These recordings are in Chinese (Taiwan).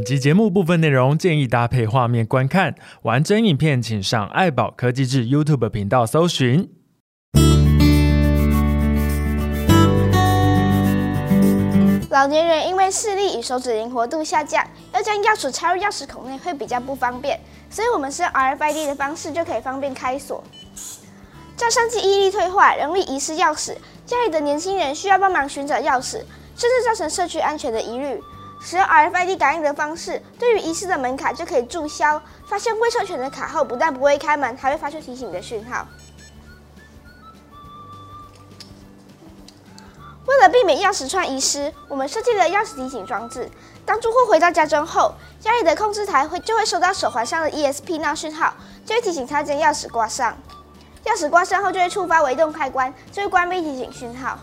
本集節目部分內容建議搭配畫面觀看，完整影片請上艾葆科技誌 YouTube 頻道搜尋。老年人因為視力與手指靈活度下降，要將鑰匙插入鑰匙孔內會比較不方便，所以我們使用 RFID 的方式就可以方便開鎖。加上記憶力退化，容易遺失鑰匙，家裡的年輕人需要幫忙尋找鑰匙，甚至造成社區安全的疑慮。使用 RFID 感應的方式，對於遺失的門卡就可以註銷。發現未授權的卡後，不但不會開門，還會發出提醒的訊號。為了避免鑰匙串遺失，我們設計了鑰匙提醒裝置。當住戶回到家中後，家裡的控制台會就會收到手環上的 ESP 那訊號，就會提醒他將鑰匙掛上。鑰匙掛上後，就會觸發微動開關，就會關閉提醒訊號。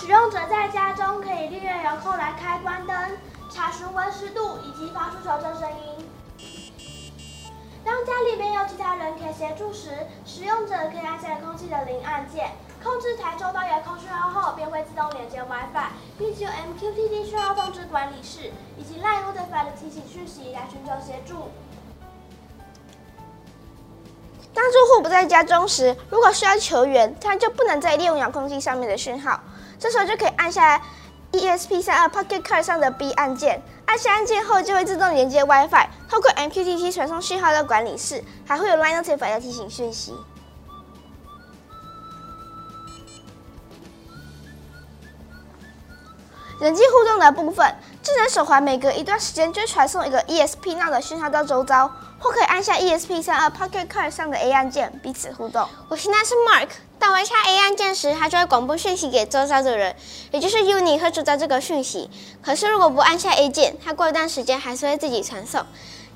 使用者在家中可以利用遙控來開關燈、查詢溫濕度以及發出求救聲音。當家裡沒有其他人可以協助時，使用者可以按下遙控器的零按鍵，控制台收到遙控訊號後便會自動連接 WiFi，並且有 MQTT 訊號通知管理室以及 LINE Notify 的提醒訊息來尋求協助。當住戶不在家中時，如果需要求援，他就不能再利用遙控器上面的訊號。這時候就可以按下 ESP32 Pocket Card 上的 B 按鍵，按下按鍵後就會自動連接 WiFi，透過 MQTT 傳送訊號到管理室，還會有 Line Notify 來提醒訊息。人際互動的部分，智能手環每隔一段時間就會傳送一個 ESP 那的訊號到周遭，或可以按下 ESP 三二 Pocket Card 上的 A 按鍵彼此互動。我現在是 Mark，當我按下 A 按鍵時，它就會廣播訊息給周遭的人，也就是 Uni 和周遭這個訊息。可是如果不按下 A 鍵，它過一段時間還是會自己傳送。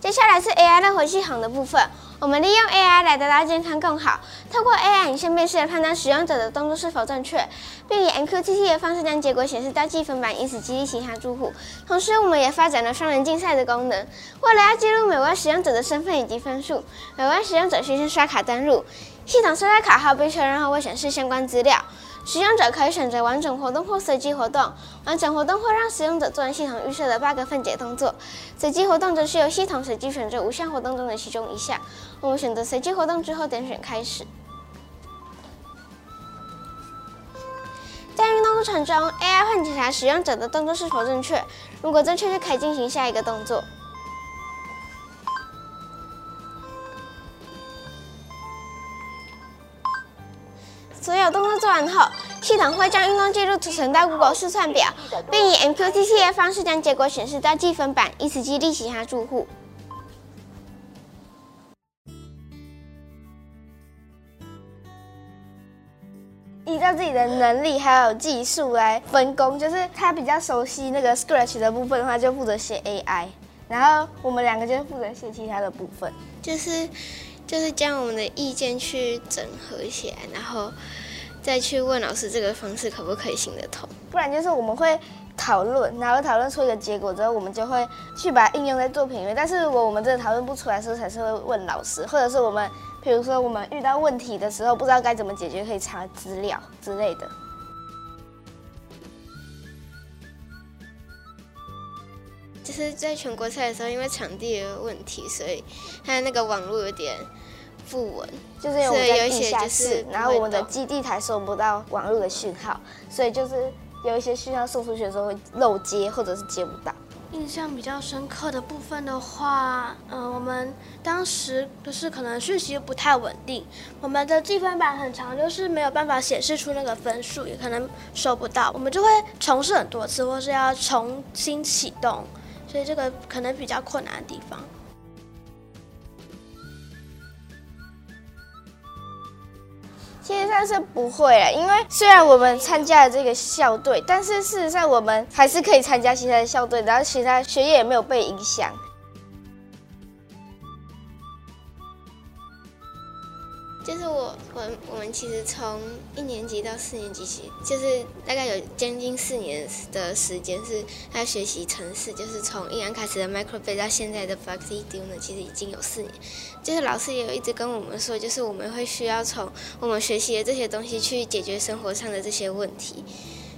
接下來是 AI 樂活系統的部分，我們利用 AI 來達到健康更好，透過 AI 影像辨識來判斷使用者的動作是否正確，並以 MQTT 的方式將結果顯示到計分板，以此激勵其他住戶。同時，我們也發展了雙人競賽的功能，為了要記錄每位使用者的身份以及分數，每位使用者需先刷卡登錄，系統刷卡號並確認後會顯示相關資料。使用者可以選擇完整活動或隨機活動。完整活動會讓使用者做完系統預設的八個分解動作，隨機活動則是由系統隨機選擇五項活動中的其中一項。我們選擇隨機活動之後，點選開始。在運動過程中，AI 會檢查使用者的動作是否正確，如果正確就可以進行下一個動作。所有動作做完後，系統會將運動記錄儲存到 Google 試算表，並以 MQTT 的方式將結果顯示在計分板，以此激勵其他住戶。依照自己的能力還有技術來分工，就是他比較熟悉那個 Scratch 的部分的話，就負責寫 AI，然後我們兩個就是負責寫其他的部分，就是。就是將我們的意見去整合起來，然後再去問老師這個方式可不可以行得通。不然就是我們會討論，然後討論出一個結果之後，我們就會去把它應用在作品裡面。但是如果我們真的討論不出來的時候，才是會問老師，或者是我們，比如說我們遇到問題的時候，不知道該怎麼解決，可以查資料之類的。就是在全國賽的時候，因為場地的問題，所以它的那個網絡有點不穩，就是有一些就是然後我們的基地台收不到網絡的訊號，嗯、所以就是有一些訊號送出去的時候會漏接或者是接不到。印象比較深刻的部分的話，嗯、呃，我們當時就是可能訊息不太穩定，我們的計分板很長，就是沒有辦法顯示出那個分數，也可能收不到，我們就會重試很多次，或是要重新啟動。所以這個可能比較困難的地方。其實上是不會了，因為雖然我們參加了這個校隊，但是事實上我們還是可以參加其他的校隊，然後其他學業也沒有被影響。我們其實從一年級到四年級起，就是大概有將近四年的時間是在學習程式，就是從一開始的 Micro:bit 到現在的 Blockly 呢，其實已經有四年。就是老師也有一直跟我們說，就是我們會需要從我們學習的這些東西去解決生活上的這些問題，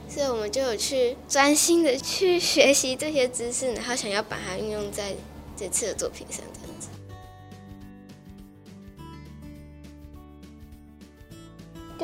所以我們就有去專心的去學習這些知識，然後想要把它運用在這次的作品上這樣子。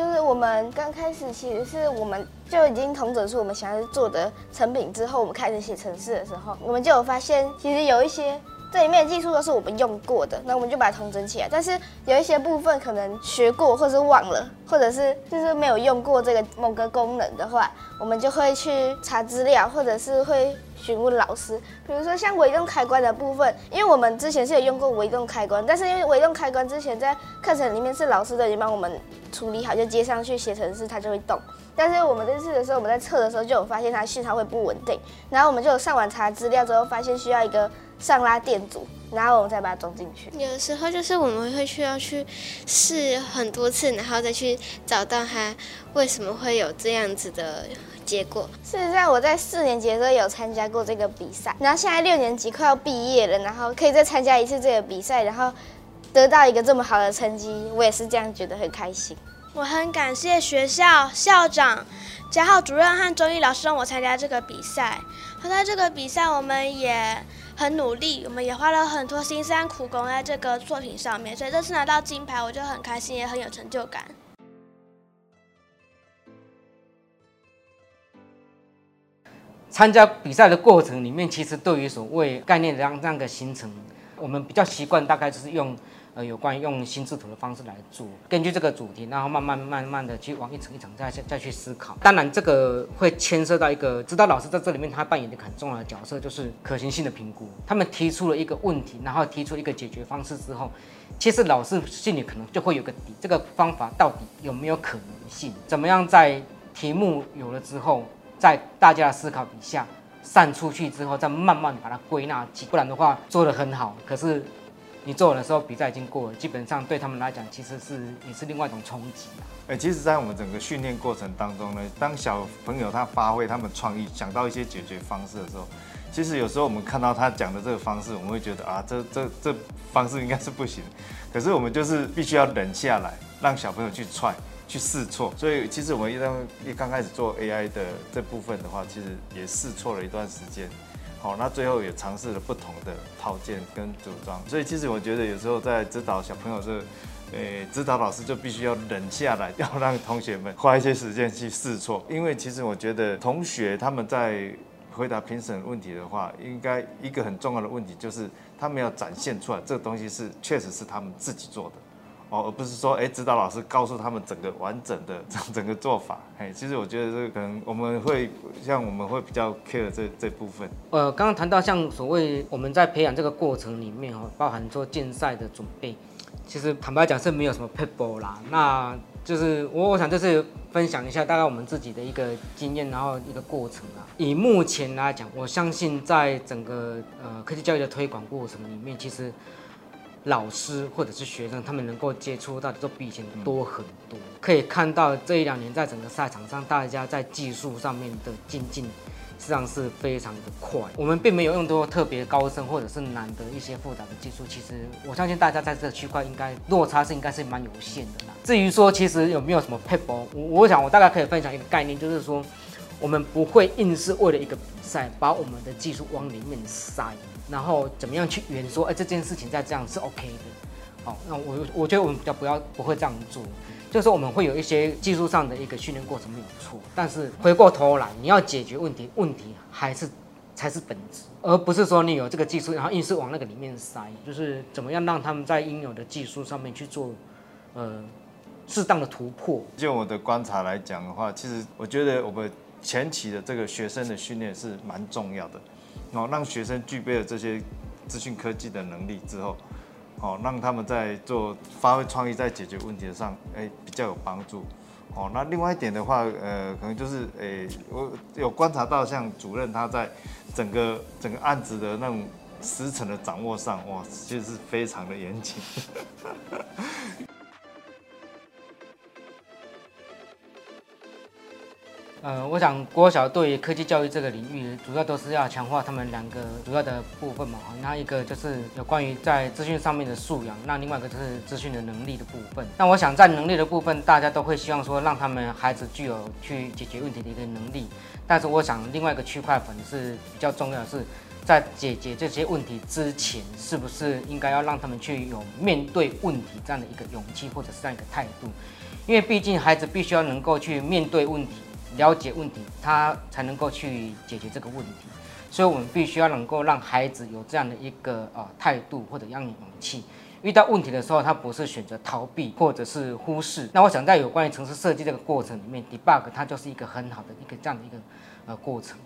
就是我們剛開始，其實是我們就已經統整出我們想要做的成品之後，我們開始寫程式的時候，我們就有發現，其實有一些，這裡面的技術都是我們用過的，那我們就把它統整起來。但是有一些部分可能學過，或者是忘了，或者是就是沒有用過這個某個功能的話，我們就會去查資料，或者是會詢問老師。比如說像微動開關的部分，因為我們之前是有用過微動開關，但是因為微動開關之前在課程裡面是老師都已經幫我們處理好，就接上去寫程式它就會動。但是我們這次的時候我們在測的時候就有發現它信號會不穩定，然後我們就上網查資料之後發現需要一個。上拉電阻，然後我們再把它裝進去。有的時候就是我們會需要去試很多次，然後再去找到它為什麼會有這樣子的結果。事實上我在四年級的時候有參加過這個比賽，然後現在六年級快要畢業了，然後可以再參加一次這個比賽，然後得到一個這麼好的成績，我也是這樣覺得很開心。我很感謝學校校長、嘉浩主任和周義老師讓我參加這個比賽。參加這個比賽，我們也很努力，我們也花了很多心思和苦功在這個作品上面。所以這次拿到金牌，我就很開心，也很有成就感。參加比賽的過程裡面，其實對於所謂概念的這樣樣的形成，我們比較習慣，大概就是用。呃，有關於用心智圖的方式來做，根據這個主題，然後慢慢慢慢的去往一層一層再再去思考。當然，這個會牽涉到一個指導老師在這裡面他扮演的很重要的角色，就是可行性的評估。他們提出了一個問題，然後提出一個解決方式之後，其實老師心裡可能就會有個底，這個方法到底有沒有可能性？怎麼樣在題目有了之後，在大家的思考底下散出去之後，再慢慢把它歸納起，不然的話做得很好，可是。你做完的時候，比賽已經過了，基本上對他們來講，其實是也是另外一種衝擊、啊。哎、欸，其實，在我們整個訓練過程當中呢，當小朋友他發揮他們創意，想到一些解決方式的時候，其實有時候我們看到他講的這個方式，我們會覺得啊，這這這方式應該是不行。可是我們就是必須要忍下來，讓小朋友去踹、去試錯。所以，其實我們一剛一剛開始做 AI 的這部分的話，其實也試錯了一段時間。好、哦，那最後也嘗試了不同的套件跟組裝，所以其實我覺得有時候在指導小朋友是，誒、欸，指導老師就必須要忍下來，要讓同學們花一些時間去試錯，因為其實我覺得同學他們在回答評審問題的話，應該一個很重要的問題就是他們要展現出來這個東西是確實是他們自己做的。哦，而不是說，哎，指導老師告訴他們整個完整的整整個做法，哎，其實我覺得這個可能我們會像我們會比較 care 這這部分。呃，剛剛談到像所謂我們在培養這個過程裡面、哦，包含做競賽的準備，其實坦白講是沒有什麼 people 啦。那就是我我想就是分享一下大概我們自己的一個經驗，然後一個過程啊。以目前來講，我相信在整個呃科技教育的推廣過程裡面，其實。老師或者是學生，他們能夠接觸到的都比以前多很多。可以看到，這一兩年在整個賽場上，大家在技術上面的精進，實際上是非常的快。我們並沒有用到特別高深或者是難的一些複雜的技術。其實，我相信大家在這個區塊應該落差是應該是蠻有限的啦。至於說，其實有沒有什麼撇步，我我想我大概可以分享一個概念，就是說。我們不會硬是為了一個比賽把我們的技術往裡面塞，然後怎麼樣去圓說哎、呃、這件事情再這樣是 OK 的，哦，那我我覺得我們比較不要不會這樣做，就是我們會有一些技術上的一個訓練過程沒有錯，但是回過頭來你要解決問題，問題還是才是本質，而不是說你有這個技術然後硬是往那個裡面塞，就是怎麼樣讓他們在應有的技術上面去做呃適當的突破。就我的觀察來講的話，其實我覺得我們。前期的這個學生的訓練是蠻重要的，哦，讓學生具備了這些資訊科技的能力之後，哦，讓他們在做發揮創意、在解決問題上，哎，比較有幫助。哦，那另外一點的話，呃，可能就是，哎，我有觀察到，像主任他在整個整個案子的那種時程的掌握上，哇，其實是非常的嚴謹。 呃，我想國小對於科技教育這個領域，主要都是要強化他們兩個主要的部分嘛。那一個就是有關於在資訊上面的素養，那另外一個就是資訊的能力的部分。那我想在能力的部分，大家都會希望說讓他們孩子具有去解決問題的一個能力。但是我想另外一個區塊可能是比較重要的是，在解決這些問題之前，是不是應該要讓他們去有面對問題這樣的一個勇氣，或者是這樣一個態度？因為畢竟孩子必須要能夠去面對問題。了解問題，他才能夠去解決這個問題，所以我們必須要能夠讓孩子有這樣的一個啊態、呃、度或者讓你勇氣，遇到問題的時候他不是選擇逃避或者是忽視。那我想在有關於程式設計這個過程裡面，debug 它就是一個很好的一個這樣的一個呃過程。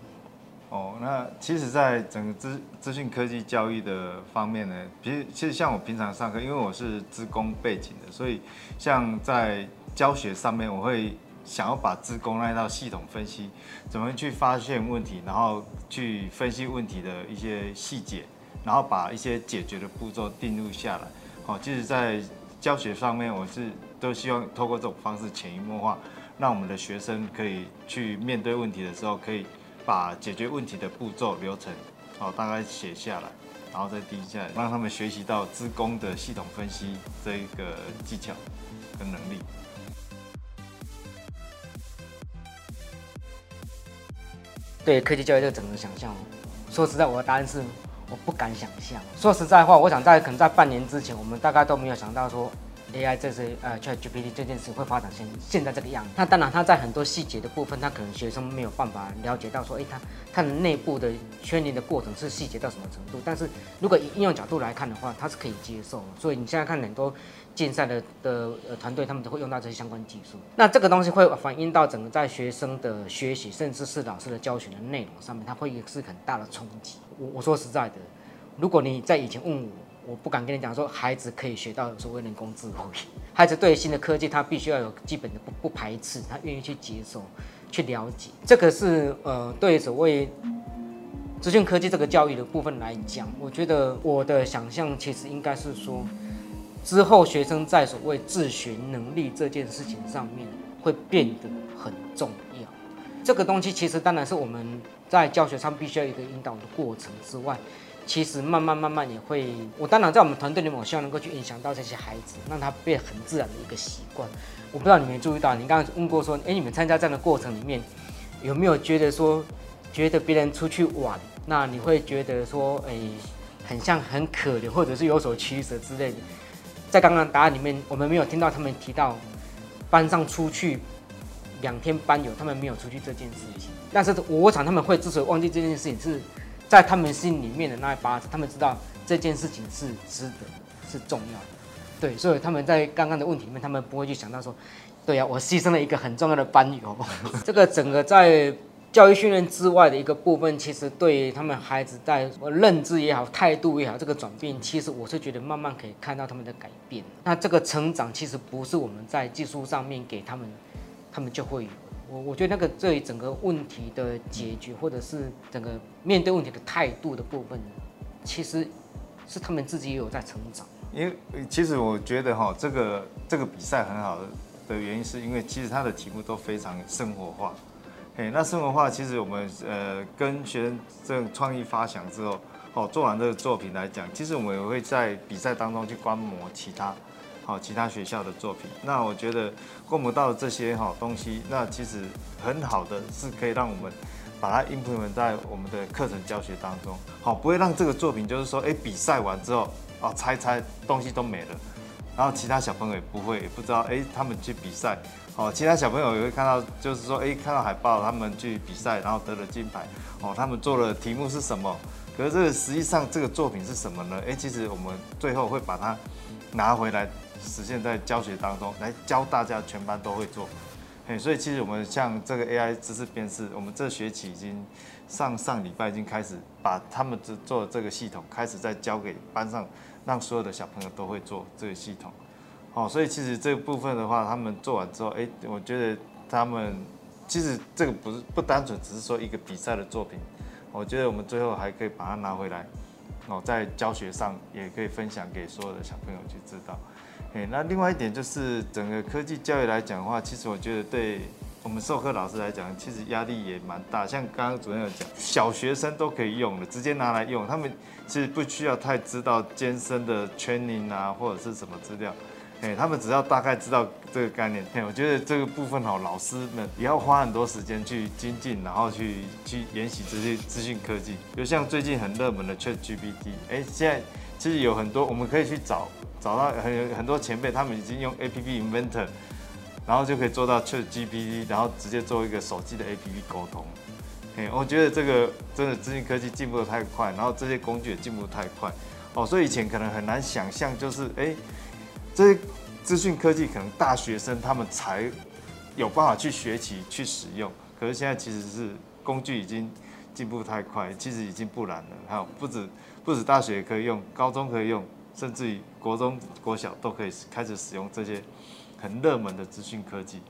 哦，那其實，在整個資資訊科技教育的方面呢，其實其實像我平常上課，因為我是資工背景的，所以像在教學上面我會。想要把資工拉到系統分析，怎麼去發現問題，然後去分析問題的一些細節，然後把一些解決的步驟定錄下來。好，其實在教學上面，我是都希望透過這種方式潛移默化，讓我們的學生可以去面對問題的時候，可以把解決問題的步驟流程，好，大概寫下來，然後再定下來，讓他們學習到資工的系統分析這一個技巧跟能力。對科技教育這個整個想象說實在，我的答案是我不敢想象說實在話，我想在可能在半年之前，我們大概都沒有想到說，AI 這些呃、啊、ChatGPT 這件事會發展成現，現在這個樣子。那當然，它在很多細節的部分，它可能學生沒有辦法了解到，說，哎、欸，它它的內部的訓練的過程是細節到什麼程度。但是如果以應用角度來看的話，它是可以接受。所以你現在看很多競賽的的呃團隊，他們都會用到這些相關技術。那這個東西會反映到整個在學生的學習，甚至是老師的教學的內容上面，它會是很大的衝擊。我我說實在的，如果你在以前問我。我不敢跟你講說孩子可以學到所謂人工智慧。孩子對新的科技他必須要有基本的不不排斥，他願意去接受、去了解。這個是呃，對所謂資訊科技這個教育的部分來講，我覺得我的想象其實應該是說，之後學生在所謂自學能力這件事情上面會變得很重要。這個東西其實當然是我們。在教學上必須要有一個引導的過程之外，其實慢慢慢慢也會。我當然在我們團隊裡面，我希望能夠去影響到這些孩子，讓他變得很自然的一個習慣。我不知道你沒注意到，你剛剛問過說，誒、欸，你們參加這樣的過程裡面，有沒有覺得說，覺得別人出去玩，那你會覺得說，誒、欸，很像很可憐，或者是有所取捨之類的？在剛剛答案裡面，我們沒有聽到他們提到班上出去。兩天班遊，他們沒有出去這件事情，但是我想他們會之所以忘記這件事情，是在他們心裡面的那一把，他們知道這件事情是值得、是重要的，對，所以他們在剛剛的問題裡面，他們不會去想到說，對呀、啊，我犧牲了一個很重要的班遊。這個整個在教育訓練之外的一個部分，其實對他們孩子在認知也好、態度也好這個轉變，其實我是覺得慢慢可以看到他們的改變。那這個成長其實不是我們在技術上面給他們。他們就會有，我我覺得那個這一整個問題的解決，或者是整個面對問題的態度的部分，其實，是他們自己也有在成長。因為其實我覺得哈，這個這個比賽很好的原因，是因為其實它的題目都非常生活化。嘿，那生活化，其實我們呃跟學生這種創意發想之後，哦，做完這個作品來講，其實我們也會在比賽當中去觀摩其他。好，其他學校的作品，那我覺得過不到這些好、哦、東西，那其實很好的是可以讓我們把它應 t 在我們的課程教學當中。好、哦，不會讓這個作品就是說，哎、欸，比賽完之後，哦，拆拆東西都沒了，然後其他小朋友也不會也不知道，哎、欸，他們去比賽，哦，其他小朋友也會看到，就是說，哎、欸，看到海報，他們去比賽，然後得了金牌，哦，他們做的題目是什麼？可是、這個、實際上這個作品是什麼呢？哎、欸，其實我們最後會把它拿回來。實現，在教學當中來教大家，全班都會做。哎，所以其實我們像這個 AI 知識辨識，我們這學期已經上上禮拜已經開始把他們做的這個系統，開始在教給班上，讓所有的小朋友都會做這個系統。哦，所以其實這個部分的話，他們做完之後，誒，我覺得他們其實這個不是不單純只是說一個比賽的作品，我覺得我們最後還可以把它拿回來，哦，在教學上也可以分享給所有的小朋友去知道。哎，那另外一點就是整個科技教育來講的話，其實我覺得對我們授課老師來講，其實壓力也蠻大。像剛剛主任有講，小學生都可以用的，直接拿來用，他們其實不需要太知道艱深的 training 啊，或者是什麼資料，哎。他們只要大概知道這個概念。哎，我覺得這個部分好，老師們也要花很多時間去精進，然後去去研習這些資訊科技。就像最近很熱門的 ChatGPT，哎，現在其實有很多我們可以去找。找到很很多前輩，他們已經用 A P P Inventor，然後就可以做到 ChatGPT，然後直接做一個手機的 A P P 溝通。我覺得這個真的資訊科技進步的太快，然後這些工具也進步得太快。哦，所以以前可能很難想象，就是哎、欸，這些資訊科技可能大學生他們才有辦法去學習去使用。可是現在其實是工具已經進步太快，其實已經不難了。還有不止不止大學也可以用，高中可以用。甚至於國中、國小都可以開始使用這些很熱門的資訊科技。